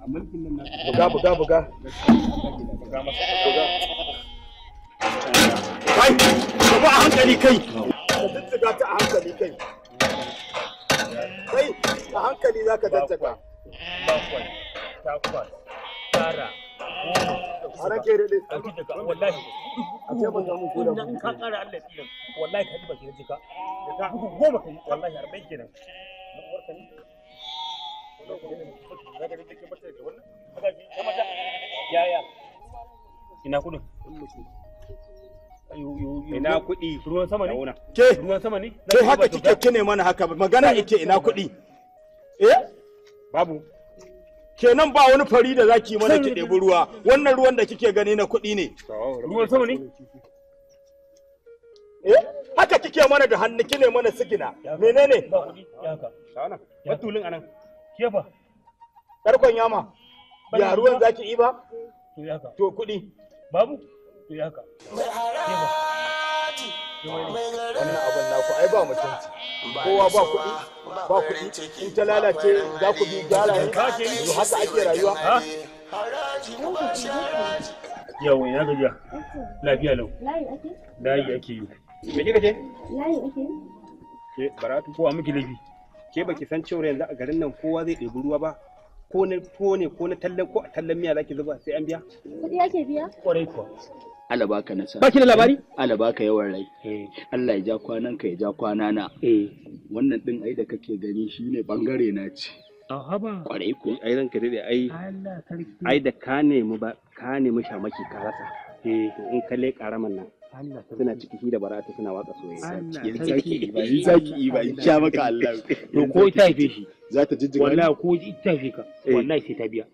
buga buga buga kai ba a hankali kai ka ta a hankali kai kai a hankali zaka daddaka bakwai takwas tara a A'a da wallahi a ce ko da mu ka ƙara Allah tsirin wallahi ka ji baki da jika da ta goma wallahi arba'in kenan na ne Ina kudin? Ina kuɗi. Ruwan sama ne? Ke? Ruwan sama ne? Ke haka kike kine mana haka magana ike ina kuɗi. Eh? Babu. Kenan ba wani fari da zaki mana ki ɗebi ruwa. Wannan ruwan da kike gani na kuɗi ne. Ruwan sama ne? Eh? Haka kike mana da hannu kine mana sigina. Menene? Ba kuɗi. Ya haka. Matulin anan. Kefa. Tarkon yama. ya ruwan zaki iba to kuɗi babu to yaka. ka wannan abin naku ai ba mutunci kowa ba kuɗi ba kuɗi in ta lalace za ku bi gyara yanzu haka ake rayuwa yawon ya gajiya lafiya lau layi ake yi me kika ce layi ake yi ke baratu kowa miki laifi ke baki san cewa yanzu a garin nan kowa zai ɗebi ruwa ba ko na tuwo ne ko na tallan ko a tallan miya zaki zuba sai an biya kuɗi ake biya kwarai kuwa Allah baka nasa baki da labari Allah baka yawan rai eh. Allah ya ja kwanan ka ya ja kwana na eh. wannan din ai da kake gani shine bangare na ce Ahaba. Kwarai ko. Ai ranka dai ai. Ai da ka nemi ba ka nemi shamaki ka rasa. Eh in ka leƙa raman nan. suna ciki shi da barata suna watsa soyayya. Allah sarki. Zaki iba, zaki iba, in sha maka Allah. To ko ta haife shi. za ta jijjiga wallahi ko ita fi ka eh. wallahi sai ta biya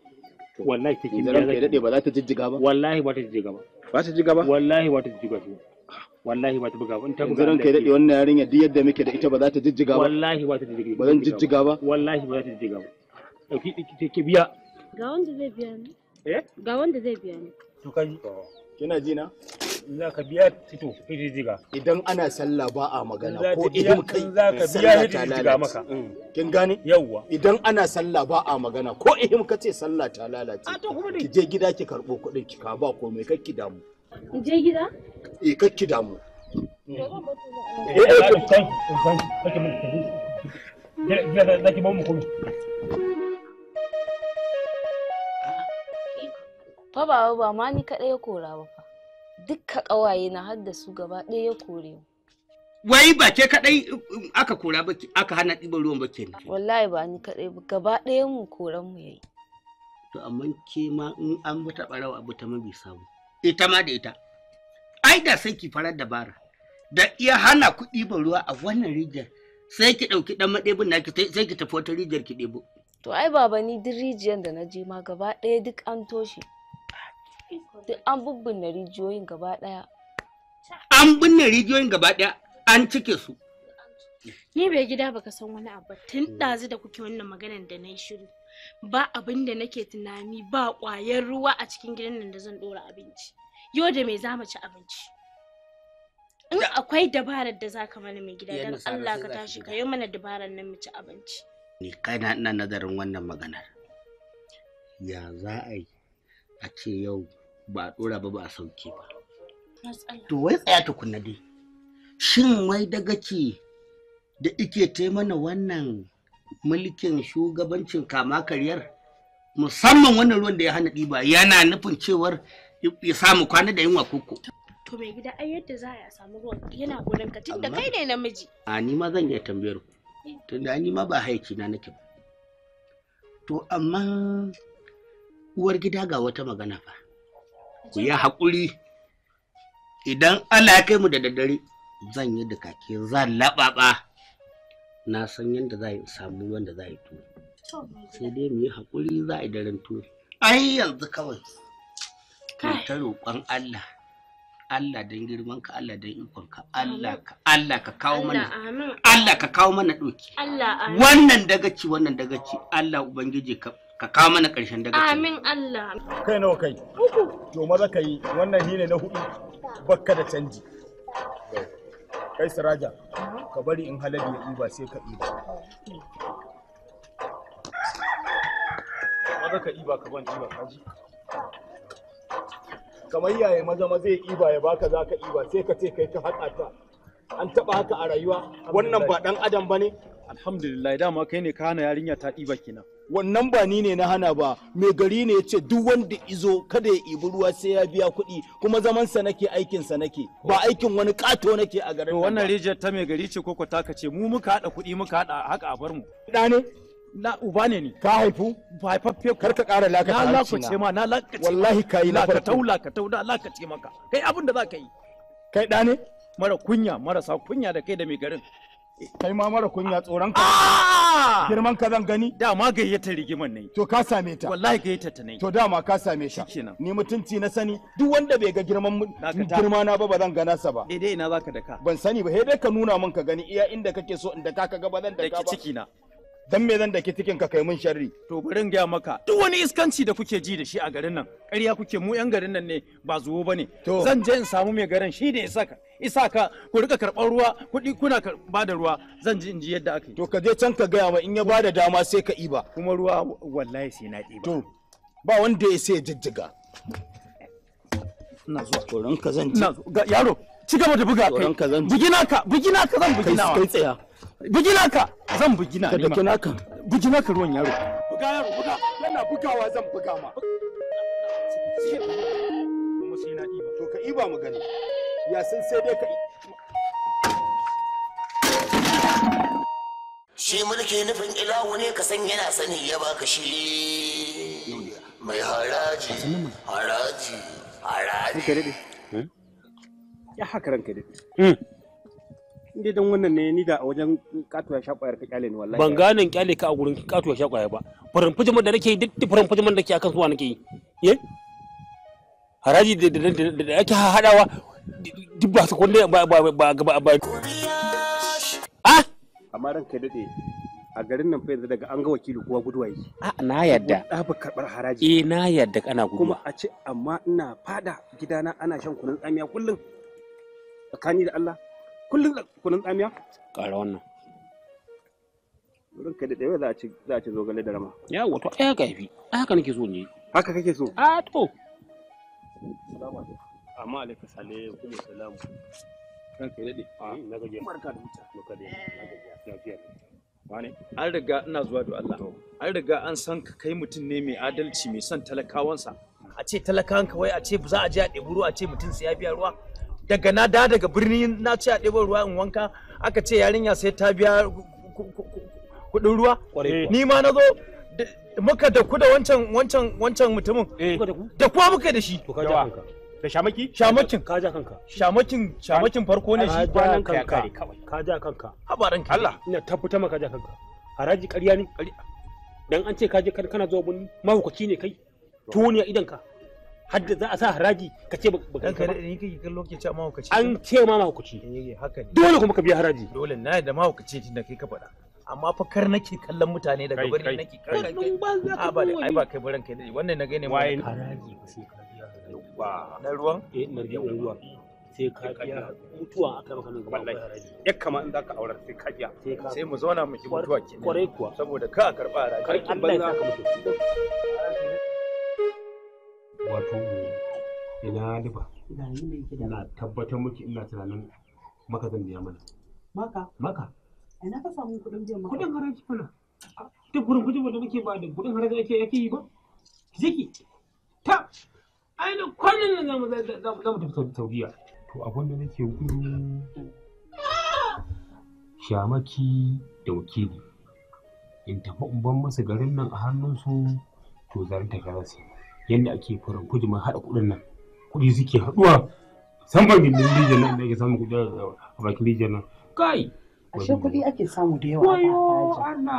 wallahi sai kin biya zai dade ba za ta jijjiga ba wallahi ba ta jijjiga ba ba ta jijjiga ba wallahi ba ta jijjiga ba ah. wallahi ba ta buga ba in ta buga kai dade wannan yarinya duk yadda muke da ita ba za ta jijjiga ba wallahi ba ta jijjiga ba zan jijjiga ba wallahi ba za ta jijjiga ba dauki ki biya ga wanda zai biya ni eh ga wanda zai biya ni to kai kina ji na za ka idan ana sallah ba a magana ko idan ta maka ba a magana ihim ka ce sallah ta lalace ki je gida ki karbo kuɗin ki ka komai damu damu ma ni kaɗai ya kora ba dukka ƙawaye na hadda su gaba ɗaya ya kore wai ba ke kadai um, aka kora ba aka hana ɗiban ruwan ba kenan wallahi ba ni kadai ba gaba ɗaya mu koran mu yayi to amma ke ma in an bi barawa abu ta mabi sabu. ita ma da ita ai da sai ki farar dabara da iya hana ku ɗiban ruwa a wannan rijiyar sai ki ɗauki ɗan maɗebin naki sai ki tafi wata rijiyar ki ɗebo to ai baba ni duk rijiyar da na je ma gaba ɗaya duk an toshe duk an bubbunna rijiyoyin gaba daya an binne rijiyoyin gaba daya an cike su ni bai gida baka san wani abu tun ɗazu da kuke wannan maganan da na yi shiru ba abin da nake tunani ba ƙwayar ruwa a cikin gidan nan da zan ɗora abinci yau da me za mu ci abinci in akwai dabarar da zaka mana mai gida don Allah ka tashi ka yi mana dabarar nan mu ci abinci ni kaina ina nazarin wannan maganar ya za a yi a ce yau ba a ɗora ba ba a sauke ba to wai tsaya tukunna dai shin wai daga ce da ike ta mana wannan mulkin shugabancin kama karyar musamman wannan ruwan da ya hana ɗiba yana nufin cewar ya samu kwana da yunwa koko. To mai gida ai yadda za a samu ruwan yana gurin ka da kai ne namiji. A ni ma zan iya tambayar ku eh. tunda ni ma ba haiki na nake ba. To amma uwar gida ga wata magana fa ku yi haƙuri idan Allah ya kai mu da daddare zan yi da kake zan laɓaɓa na san yadda za yi samu wanda za yi tuwo sai dai mu yi haƙuri za a yi daren tuwo ai yanzu kawai ta roƙon Allah Allah don girman ka Allah don ikon ka Allah ka Allah ka kawo mana Allah ka kawo mana doki wannan dagaci wannan dagaci Allah ubangiji ka ka kawo mana ƙarshen daga amin Allah kai nawa kai uku to maza kai wannan shine na hudu bakka da canji kai siraja ka bari in halabi ya ɗiba sai ka ɗiba maza ka ɗiba ka ban ɗiba kaji kamar yaya maza maza ya ɗiba ya baka za ka ɗiba sai ka ce kai ka haɗa ta an taɓa haka a rayuwa wannan ba ɗan adam ba ne alhamdulillah dama kai ne ka hana yarinya ta ɗiba kenan wannan ba ni ne na hana ba mai gari ne ce duk wanda izo kada ya ibi ruwa sai ya biya kuɗi kuma zaman sa nake aikin sa nake ba aikin wani kato nake a garin wannan rijiyar ta mai gari ce koko taka ce mu muka hada kuɗi muka hada haka a bar mu da ne na uba ne ni ka haifu ba haifaffe kar ka ƙara lakata na lakace ma na lakace wallahi kai na farko lakatau lakatau na lakace maka kai abin da za ka yi kai da ne mara kunya sa kunya da kai da mai garin kai ma mara kunya tsoron ka ah! girman ka zan gani Da ma gayyata rigiman ne to ka same ta wallahi gayyata ta ne to da ma ka same kenan ni mutunci na sani duk wanda bai ga girman girma na ba ba zan gana sa ba daidai ina zaka daka ban sani ba sai dai ka nuna min ka gani iya inda kake so inda ka ga ba zan daka ba ciki na dan me zan daki cikin ka kai mun sharri to bari in gaya maka duk wani iskanci da kuke ji da shi a garin nan ƙarya kuke mu yan garin nan ne ba zuwo bane zan je in samu mai garin shi da isaka isaka ku rika karɓar ruwa kuɗi kuna ba da ruwa zan ji in ji yadda ake to ka je can ka gaya ma in ya ba da dama sai ka iba kuma ruwa wallahi sai na iba to ba wanda ya sai jijjiga ina zuwa tsoron ranka zan ji yaro ci gaba da buga kai bugina ka bugina ka zan bugina wa kai tsaya bugi naka zan bugi na ka naka bugi naka ruwan yaro buga yaro buga yana bugawa zan buga ma to ka iba mu gani ya san sai dai ka shi mulki nufin ilahu ne ka san yana sani ya baka shi mai haraji haraji haraji ya haka ranka dai inda dan wannan ne ni da a wajen katuwa sha kwayar ka kyale ni wallahi ban gane kyale ka a gurin katuwa sha kwaya ba farin fujiman da nake duk farin fujiman da ke akan zuwa nake yi eh haraji da da da ake hadawa duk ba su kunne ba ba ba ba ba ah amma ran kai dade a garin nan fa yanzu daga an ga wakili kuwa guduwa yi a ah, na yadda ba karɓar haraji eh na yadda kana guduwa kuma a ce amma ina fada gidana ana shan kunun tsamiya kullum tsakani da Allah kullum kunun tsamiya ƙara wannan wurin kai da ɗaya za a ci zogale da rama ya wato ɗaya ga haka nake so ne haka kake so a to alaikum alaikum ranka ya daɗe eh, na gaje barka da mutum na gaje na gaje lafiya wane an riga ina zuwa da Allah an riga an san ka kai mutum ne mai adalci mai son talakawansa a ce talakawanka wai a ce za a je a ɗebi ruwa a ce mutum sai ya biya ruwa daga na da daga birni na ce a ɗebo ruwa in wanka aka ce yarinya sai ta biya kuɗin ruwa ni ma na zo muka da ku da wancan wancan wancan mutumin eh. da kuwa muka da shi da shamaki shamakin ka ja kanka shamakin shamakin farko ne shi Ka ja kanka ka ja kanka habaran ka Allah ina tabbata maka ja kanka haraji ƙarya ne dan an ce ka je kana zuwa bunni mahukaci ne kai tuniya idan ka hadda za a sa haraji ka ce baka ka ni kake kallo ke ce mahaukaci an ce ma eh, eh haka ne dole kuma ka biya haraji dole na da mahaukaci tunda kai ka faɗa amma fa kar nake kallon mutane daga bari nake kar a ba ai ba kai barin kai dai wannan na ne mai haraji sai ka biya yawa na ruwan eh na ruwan sai ka biya mutuwa aka maka nan gaba haraji ya kama in zaka aurar sai ka biya sai mu zauna mu ki mutuwa kenan kwarai kuwa saboda ka karba haraji kar ki banza ka mutu wato ina liba ina tabbatar miki ina tunanin maka zan biya mana maka maka ina ka samu kudin biyan maka kudin haraji mana duk gurin kudin da muke ba da kudin haraji ake yake yi ba ziki ta ainihin kwanan nan za mu tafi saudiya to abin da nake gudu shamaki da wakili in tafi in ban masa garin nan a hannunsu to zan tafi za yadda ake fara kudi ma haɗa kuɗin nan kuɗi suke haɗuwa musamman da rijiyar nan da ake samun kuɗi a bakin rijiyar nan kai ashe kuɗi ake samu da yawa wayo ana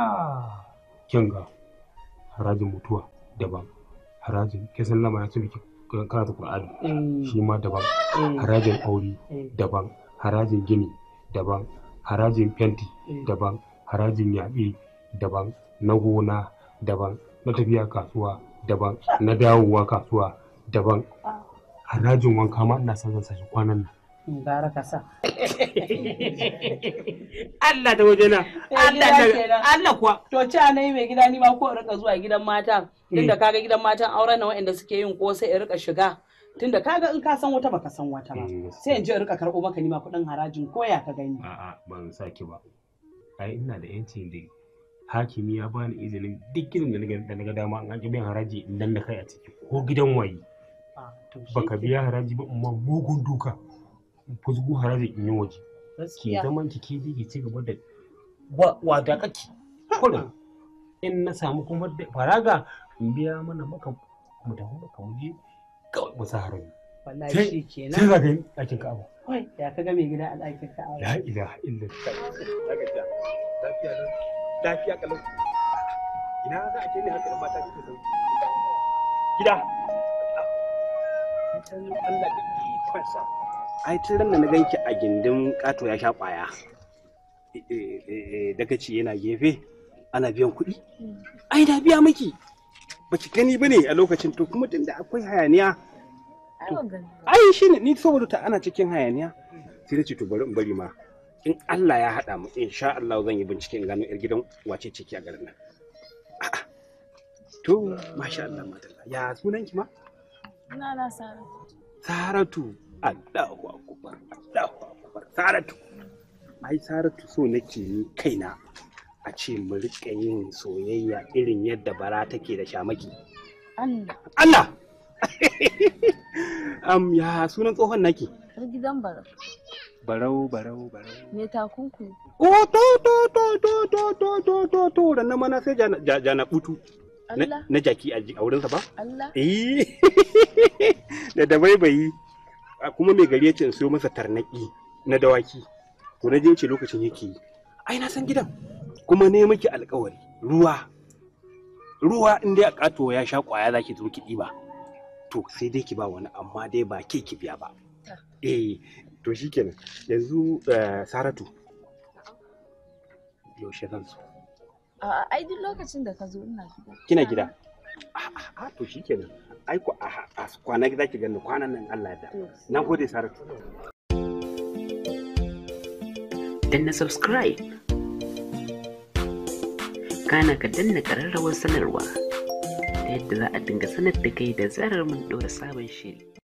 kyan ga harajin mutuwa daban harajin kai lama ya su karatu qur'ani eh. shi ma daban eh. harajin aure eh. daban harajin gini daban harajin fenti daban harajin yaɓi daban na gona daban na tafiya kasuwa daban na dawowa kasuwa daban ah. harajin wanka ma ina son zan sashi kwanan nan hmm, gara ka sa Allah da wajena eh, Allah Allah kuwa to ci a mai gida ni ma ko rika zuwa gidan matan tunda hmm. kaga gidan matan aure na waɗanda suke yin ko sai in rika shiga tunda kaga in ka san wata baka san wata ba hmm, sai in je in rika karɓo maka ni ma kuɗin harajin koya ka gani a'a ban saki ba ai ina da yanci dai hakimi ya bani izinin duk gidan da na ga dama an ƙi biyan haraji idan da kai a ciki ko gidan waye ah, baka biya haraji ba amma mugun duka fuzgu haraji in yi waje ki zaman ki ke ki ci gaba da da kake kullum in na samu kuma da faraga in biya mana maka mu da ka muje kawai mu sa haraji wallahi shi kenan sai zaka yi ɗakin ka'aba ya ka ga mai gida a ɗakin ka'aba la ilaha illallah lafiya lafiya lafiya kalau ina za a je ne haka yan mata kike sauki gida san Allah da ai tun ran da na ganki a gindin kato ya sha kwaya eh, eh, eh, daga ci yana gefe ana biyan kuɗi ai da biya miki baki gani ba ne a lokacin to kuma da akwai hayaniya ai shi ne ni saboda ta ana cikin hayaniya sai na ce to bari in bari ma in Allah ya haɗa mu insha Allah zan yi bincike in gano yar gidan wace ciki a garin nan to masha Allah madalla ya sunan ki ma na na sara saratu Allahu akbar Allahu akbar saratu ai saratu so nake ni kaina a ce mu riƙa yin soyayya irin yadda bara take da shamaki Allah Allah am ya sunan tsohon nake gidan bara barau barau barau me takunku o oh, to to to to to to to to to ranna mana sai jana butu na jaki a wurinsa ba Allah eh da bai kuma mai gari ya ce in siyo masa tarnaki na dawaki to na je ce lokacin yake ai na san gidan kuma ne miki alƙawari. ruwa ruwa in dai a kato ya sha kwaya zaki zo ki diba to sai dai ki ba wani amma dai ba ke ki biya ba eh to shi kenan yanzu eh, saratu yaushe zan so ai duk lokacin da ka zo ina gida kina gida a'a to shi kenan ai ku a kwana za ki gani kwanan nan Allah ya da na gode saratu danna subscribe kana ka danna ƙararrawar sanarwa ta yadda za a dinga sanar da kai da zarar mun ɗora sabon shiri